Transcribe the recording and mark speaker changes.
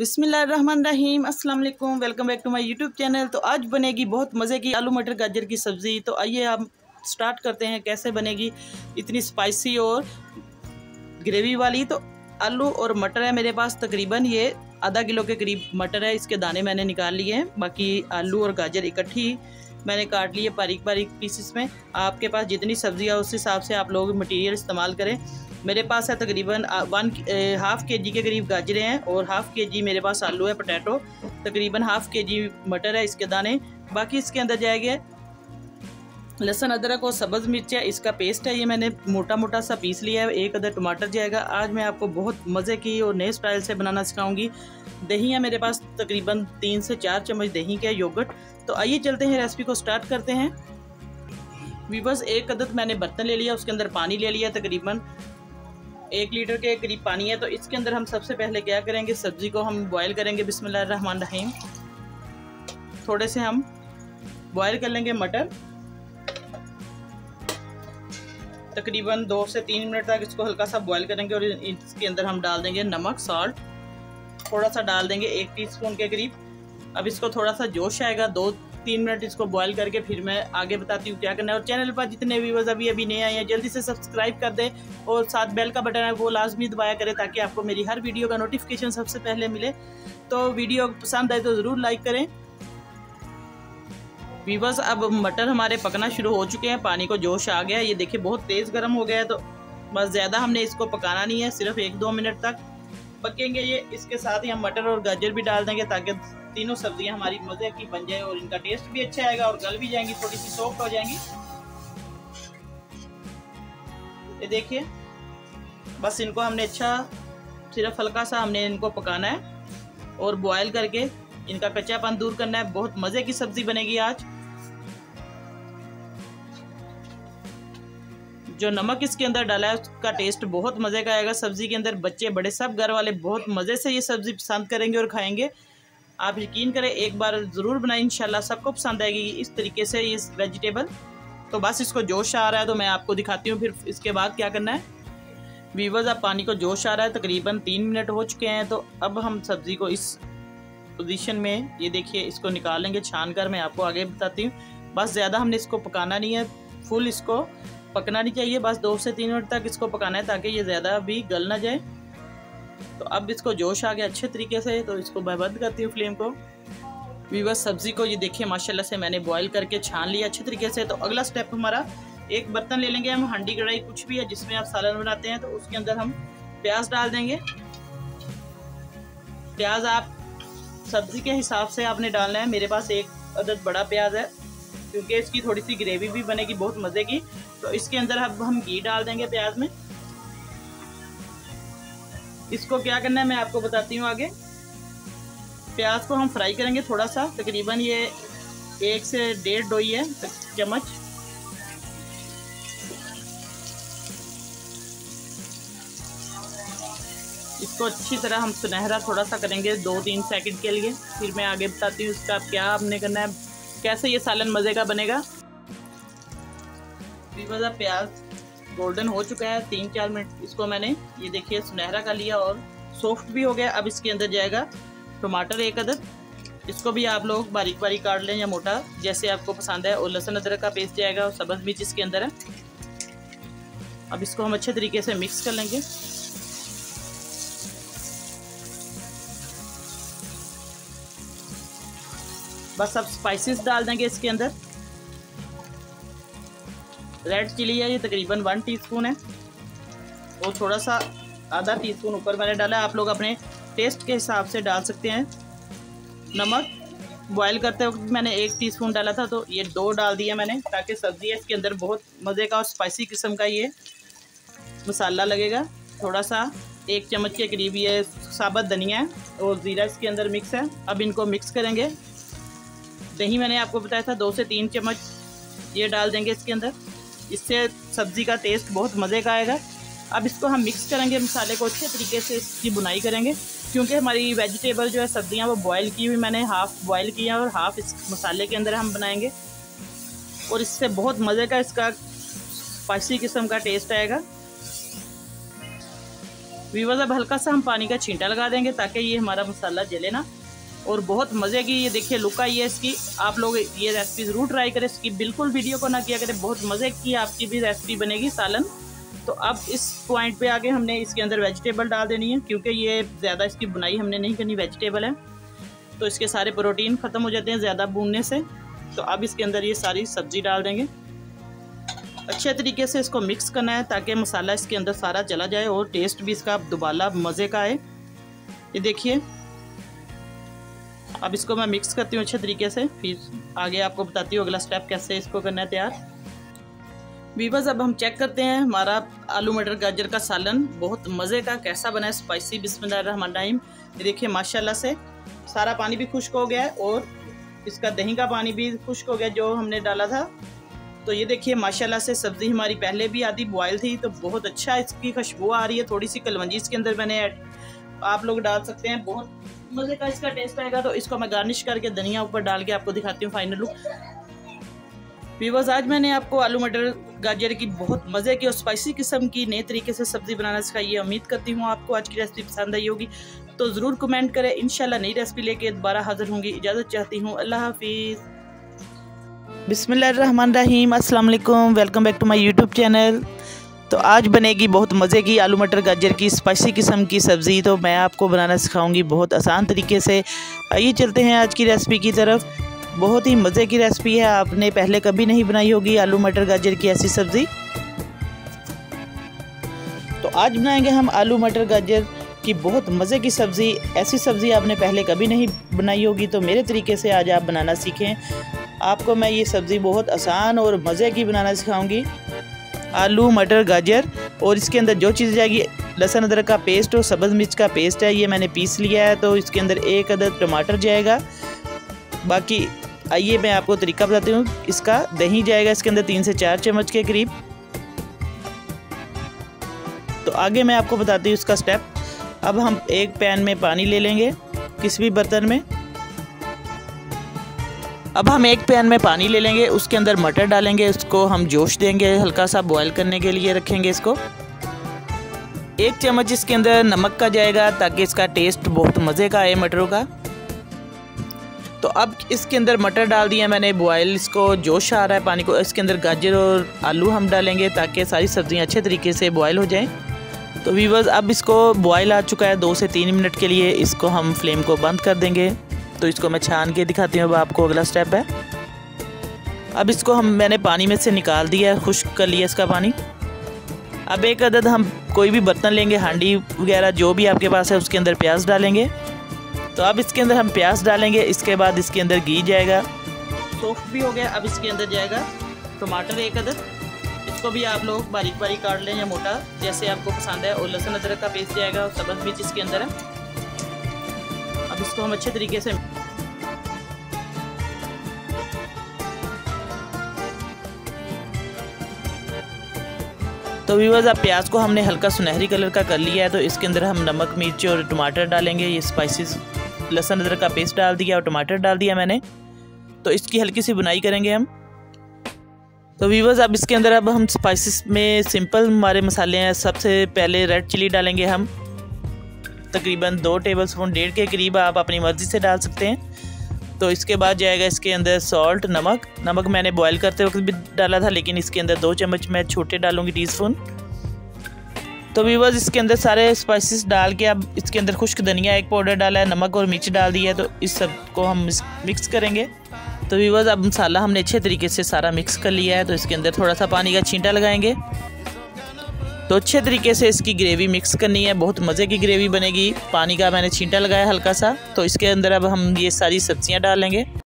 Speaker 1: बिसमीम अस्सलाम वालेकुम welcome back to my YouTube channel तो आज बनेगी बहुत मज़े की आलू मटर गाजर की सब्ज़ी तो आइए आप स्टार्ट करते हैं कैसे बनेगी इतनी स्पाइसी और ग्रेवी वाली तो आलू और मटर है मेरे पास तकरीबन ये आधा किलो के करीब मटर है इसके दाने मैंने निकाल लिए हैं बाकी आलू और गाजर इकट्ठी मैंने काट लिए बारीक बारीक पीसेस में आपके पास जितनी सब्जियाँ उस हिसाब से आप लोग मटेरियल इस्तेमाल करें मेरे पास है तकरीबन वन हाफ़ के जी के करीब गाजरे हैं और हाफ़ के जी मेरे पास आलू है पोटैटो तकरीबन हाफ़ के जी मटर है इसके दाने बाकी इसके अंदर जाएगा लहसन अदरक और सब्ज़ मिर्च है इसका पेस्ट है ये मैंने मोटा मोटा सा पीस लिया है एक अदर टमाटर जाएगा आज मैं आपको बहुत मज़े की और नए स्टाइल से बनाना सिखाऊंगी दही है मेरे पास तकरीबन तीन से चार चम्मच दही के योगर्ट तो आइए चलते हैं रेसिपी को स्टार्ट करते हैं वीबस एक अदद मैंने बर्तन ले लिया उसके अंदर पानी ले लिया तकरीबन एक लीटर के करीब पानी है तो इसके अंदर हम सबसे पहले क्या करेंगे सब्ज़ी को हम बॉयल करेंगे बिसमिल्ल रहीम थोड़े से हम बॉयल कर लेंगे मटर तकरीबन दो से तीन मिनट तक इसको हल्का सा बॉईल करेंगे और इसके अंदर हम डाल देंगे नमक सॉल्ट थोड़ा सा डाल देंगे एक टीस्पून के करीब अब इसको थोड़ा सा जोश आएगा दो तीन मिनट इसको बॉईल करके फिर मैं आगे बताती हूँ क्या करना है और चैनल पर जितने व्यूवर्स अभी अभी नए आए हैं जल्दी से सब्सक्राइब कर दें और साथ बेल का बटन है वो लाजमी दबाया करें ताकि आपको मेरी हर वीडियो का नोटिफिकेशन सबसे पहले मिले तो वीडियो पसंद आए तो ज़रूर लाइक करें वीवर्स अब मटर हमारे पकना शुरू हो चुके हैं पानी को जोश आ गया ये देखिए बहुत तेज़ गर्म हो गया है तो बस ज़्यादा हमने इसको पकाना नहीं है सिर्फ एक दो मिनट तक पकेंगे ये इसके साथ ही हम मटर और गाजर भी डाल देंगे ताकि तीनों सब्जियां हमारी मज़े की बन जाए और इनका टेस्ट भी अच्छा आएगा और गल भी जाएंगी थोड़ी सी सॉफ्ट हो जाएंगी ये देखिए बस इनको हमने अच्छा सिर्फ हल्का सा हमने इनको पकाना है और बॉयल करके इनका कच्चापन दूर करना है बहुत मज़े की सब्ज़ी बनेगी आज जो नमक इसके अंदर डाला है उसका टेस्ट बहुत मज़े का आएगा सब्ज़ी के अंदर बच्चे बड़े सब घर वाले बहुत मज़े से ये सब्ज़ी पसंद करेंगे और खाएंगे आप यकीन करें एक बार ज़रूर बनाए इनशाला सबको पसंद आएगी इस तरीके से ये वेजिटेबल तो बस इसको जोश आ रहा है तो मैं आपको दिखाती हूँ फिर इसके बाद क्या करना है वीवर्स अब पानी को जोश आ रहा है तकरीबन तीन मिनट हो चुके हैं तो अब हम सब्ज़ी को इस पोजीशन में ये देखिए इसको निकालेंगे छान कर मैं आपको आगे बताती हूँ बस ज़्यादा हमने इसको पकाना नहीं है फुल इसको पकना नहीं चाहिए बस दो से तीन मिनट तक इसको पकाना है ताकि ये ज़्यादा भी गल ना जाए तो अब इसको जोश आ गया अच्छे तरीके से तो इसको मैं बंद करती हूँ फ्लेम को बस सब्ज़ी को ये देखिए माशाल्लाह से मैंने बॉईल करके छान लिया अच्छे तरीके से तो अगला स्टेप हमारा एक बर्तन ले लेंगे हम हंडी कढ़ाई कुछ भी है जिसमें आप सालन बनाते हैं तो उसके अंदर हम प्याज डाल देंगे प्याज आप सब्ज़ी के हिसाब से आपने डालना है मेरे पास एक अदद बड़ा प्याज है क्योंकि इसकी थोड़ी सी ग्रेवी भी बनेगी बहुत मज़े की तो इसके अंदर अब हम घी डाल देंगे प्याज में इसको क्या करना है मैं आपको बताती हूँ आगे प्याज को हम फ्राई करेंगे थोड़ा सा तकरीबन ये एक से डेढ़ डोई है चम्मच इसको तो अच्छी तरह हम सुनहरा थोड़ा सा करेंगे दो तीन सेकंड के लिए फिर मैं आगे बताती हूँ इसका क्या हमने करना है कैसे ये सालन मज़े का बनेगा मज़ा प्याज गोल्डन हो चुका है तीन चार मिनट इसको मैंने ये देखिए सुनहरा का लिया और सॉफ्ट भी हो गया अब इसके अंदर जाएगा टमाटर एक अदर इसको भी आप लोग बारीक बारीक काट लें या मोटा जैसे आपको पसंद है और लहसुन अदरक का पेस्ट जाएगा और सब्ज़ मिर्च इसके अंदर है अब इसको हम अच्छे तरीके से मिक्स कर लेंगे बस अब स्पाइसेस डाल देंगे इसके अंदर रेड चिली है ये तकरीबन वन टीस्पून है और थोड़ा सा आधा टीस्पून ऊपर मैंने डाला आप लोग अपने टेस्ट के हिसाब से डाल सकते हैं नमक बॉईल करते वक्त मैंने एक टीस्पून डाला था तो ये दो डाल दिया मैंने ताकि सब्ज़ी इसके अंदर बहुत मज़े का और स्पाइसी किस्म का ये मसाला लगेगा थोड़ा सा एक चम्मच के करीब ये साबत धनिया है और ज़ीरा इसके अंदर मिक्स है अब इनको मिक्स करेंगे दही तो मैंने आपको बताया था दो से तीन चम्मच ये डाल देंगे इसके अंदर इससे सब्ज़ी का टेस्ट बहुत मज़े का आएगा अब इसको हम मिक्स करेंगे मसाले को अच्छे तरीके से इसकी बुनाई करेंगे क्योंकि हमारी वेजिटेबल जो है सब्ज़ियाँ वो बॉईल की हुई मैंने हाफ़ बॉईल की हैं और हाफ़ इस मसाले के अंदर हम बनाएंगे और इससे बहुत मज़े का इसका स्पाइसी किस्म का टेस्ट आएगा वीवर अब हल्का सा हम पानी का छींटा लगा देंगे ताकि ये हमारा मसाला जले ना और बहुत मज़े की ये देखिए लुक आई है इसकी आप लोग ये रेसिपी ज़रूर ट्राई करें इसकी बिल्कुल वीडियो को ना किया करें बहुत मज़े की आपकी भी रेसिपी बनेगी सालन तो अब इस पॉइंट पे आगे हमने इसके अंदर वेजिटेबल डाल देनी है क्योंकि ये ज़्यादा इसकी बुनाई हमने नहीं करनी वेजिटेबल है तो इसके सारे प्रोटीन ख़त्म हो जाते हैं ज़्यादा भूनने से तो अब इसके अंदर ये सारी सब्ज़ी डाल देंगे अच्छे तरीके से इसको मिक्स करना है ताकि मसाला इसके अंदर सारा चला जाए और टेस्ट भी इसका दोबारा मज़े का आए ये देखिए अब इसको मैं मिक्स करती हूँ अच्छे तरीके से फिर आगे आपको बताती हूँ अगला स्टेप कैसे इसको करना है तैयार बीबस अब हम चेक करते हैं हमारा आलू मटर गाजर का सालन बहुत मज़े का कैसा बना है स्पाइसी बिस्मिल्लाहमान टाइम देखिए माशाल्लाह से सारा पानी भी खुश्क हो गया है और इसका दही का पानी भी खुश्क हो गया जो हमने डाला था तो ये देखिए माशाल्लाह से सब्ज़ी हमारी पहले भी आधी बॉयल थी तो बहुत अच्छा इसकी खुशबू आ रही है थोड़ी सी कलवंजी इसके अंदर मैंने आप लोग डाल सकते हैं बहुत मज़े का इसका टेस्ट आएगा तो इसको मैं गार्निश करके धनिया ऊपर डाल के आपको दिखाती हूँ फाइनल लुक वीवर्स आज मैंने आपको आलू मटर गाजर की बहुत मज़े की और स्पाइसी किस्म की नए तरीके से सब्ज़ी बनाना सिखाई है उम्मीद करती हूँ आपको आज की रेसिपी पसंद आई होगी तो ज़रूर कमेंट करें इन नई रेसिपी लेके दोबारा हाजिर होंगी इजाज़त चाहती हूँ अल्लाह हाफिज़ बिसमीम अल्लाम welcome back to my YouTube channel तो आज बनेगी बहुत मज़े की आलू मटर गाजर की स्पाइसी किस्म की सब्ज़ी तो मैं आपको बनाना सिखाऊंगी बहुत आसान तरीके से आइए चलते हैं आज की रेसिपी की तरफ बहुत ही मज़े की रेसिपी है आपने पहले कभी नहीं बनाई होगी आलू मटर गाजर की ऐसी सब्ज़ी तो आज बनाएंगे हम आलू मटर गाजर की बहुत मज़े की सब्ज़ी ऐसी सब्ज़ी आपने पहले कभी नहीं बनाई होगी तो मेरे तरीके से आज आप बनाना सीखें आपको मैं ये सब्ज़ी बहुत आसान और मज़े की बनाना सिखाऊंगी आलू मटर गाजर और इसके अंदर जो चीज़ जाएगी लहसन अदरक का पेस्ट और सब्ज़ मिर्च का पेस्ट है ये मैंने पीस लिया है तो इसके अंदर एक अदर टमाटर जाएगा बाकी आइए मैं आपको तरीका बताती हूँ इसका दही जाएगा इसके अंदर तीन से चार चम्मच के करीब तो आगे मैं आपको बताती हूँ इसका स्टेप अब हम एक पैन में पानी ले लेंगे किसी भी बर्तन में अब हम एक पैन में पानी ले लेंगे उसके अंदर मटर डालेंगे उसको हम जोश देंगे हल्का सा बॉयल करने के लिए रखेंगे इसको एक चम्मच इसके अंदर नमक का जाएगा ताकि इसका टेस्ट बहुत मज़े का आए मटरों का तो अब इसके अंदर मटर डाल दिया मैंने बॉयल इसको जोश आ रहा है पानी को इसके अंदर गाजर और आलू हम डालेंगे ताकि सारी सब्ज़ियाँ अच्छे तरीके से बॉयल हो जाएँ तो वीवर्स अब इसको बॉयल आ चुका है दो से तीन मिनट के लिए इसको हम फ्लेम को बंद कर देंगे तो इसको मैं छान के दिखाती हूँ अब आपको अगला स्टेप है अब इसको हम मैंने पानी में से निकाल दिया है खुश्क कर लिया इसका पानी अब एक अदद हम कोई भी बर्तन लेंगे हांडी वगैरह जो भी आपके पास है उसके अंदर प्याज डालेंगे तो अब इसके अंदर हम प्याज डालेंगे इसके बाद इसके अंदर घी जाएगा सोफ भी हो गया अब इसके अंदर जाएगा टमाटर एक अदद इसको भी आप लोग बारीक बारीक काट लें या मोटा जैसे आपको पसंद है और लहसुन अदरक का पेस्ट जाएगा और सबक मिर्च इसके अंदर है इसको हम अच्छे तरीके से तो व्यूवर्स आप प्याज को हमने हल्का सुनहरी कलर का कर लिया है तो इसके अंदर हम नमक मिर्ची और टमाटर डालेंगे ये स्पाइसेस लहसुन अदरक का पेस्ट डाल दिया और टमाटर डाल दिया मैंने तो इसकी हल्की सी बुनाई करेंगे हम तो व्यूवर्स अब इसके अंदर अब हम स्पाइसेस में सिंपल हमारे मसाले हैं सबसे पहले रेड चिली डालेंगे हम तकरीबन दो टेबल स्पून डेढ़ के करीब आप अपनी मर्ज़ी से डाल सकते हैं तो इसके बाद जाएगा इसके अंदर सॉल्ट नमक नमक मैंने बॉयल करते वक्त भी डाला था लेकिन इसके अंदर दो चम्मच मैं छोटे डालूंगी टी स्पून तो बस इसके अंदर सारे स्पाइसेस डाल के अब इसके अंदर खुश्क धनिया एक पाउडर डाला है नमक और मिर्च डाल दिया है तो इस सब को हम मिक्स करेंगे तो बस अब मसाला हमने अच्छे तरीके से सारा मिक्स कर लिया है तो इसके अंदर थोड़ा सा पानी का छींटा लगाएंगे तो अच्छे तरीके से इसकी ग्रेवी मिक्स करनी है बहुत मज़े की ग्रेवी बनेगी पानी का मैंने छींटा लगाया हल्का सा तो इसके अंदर अब हम ये सारी सब्जियाँ डालेंगे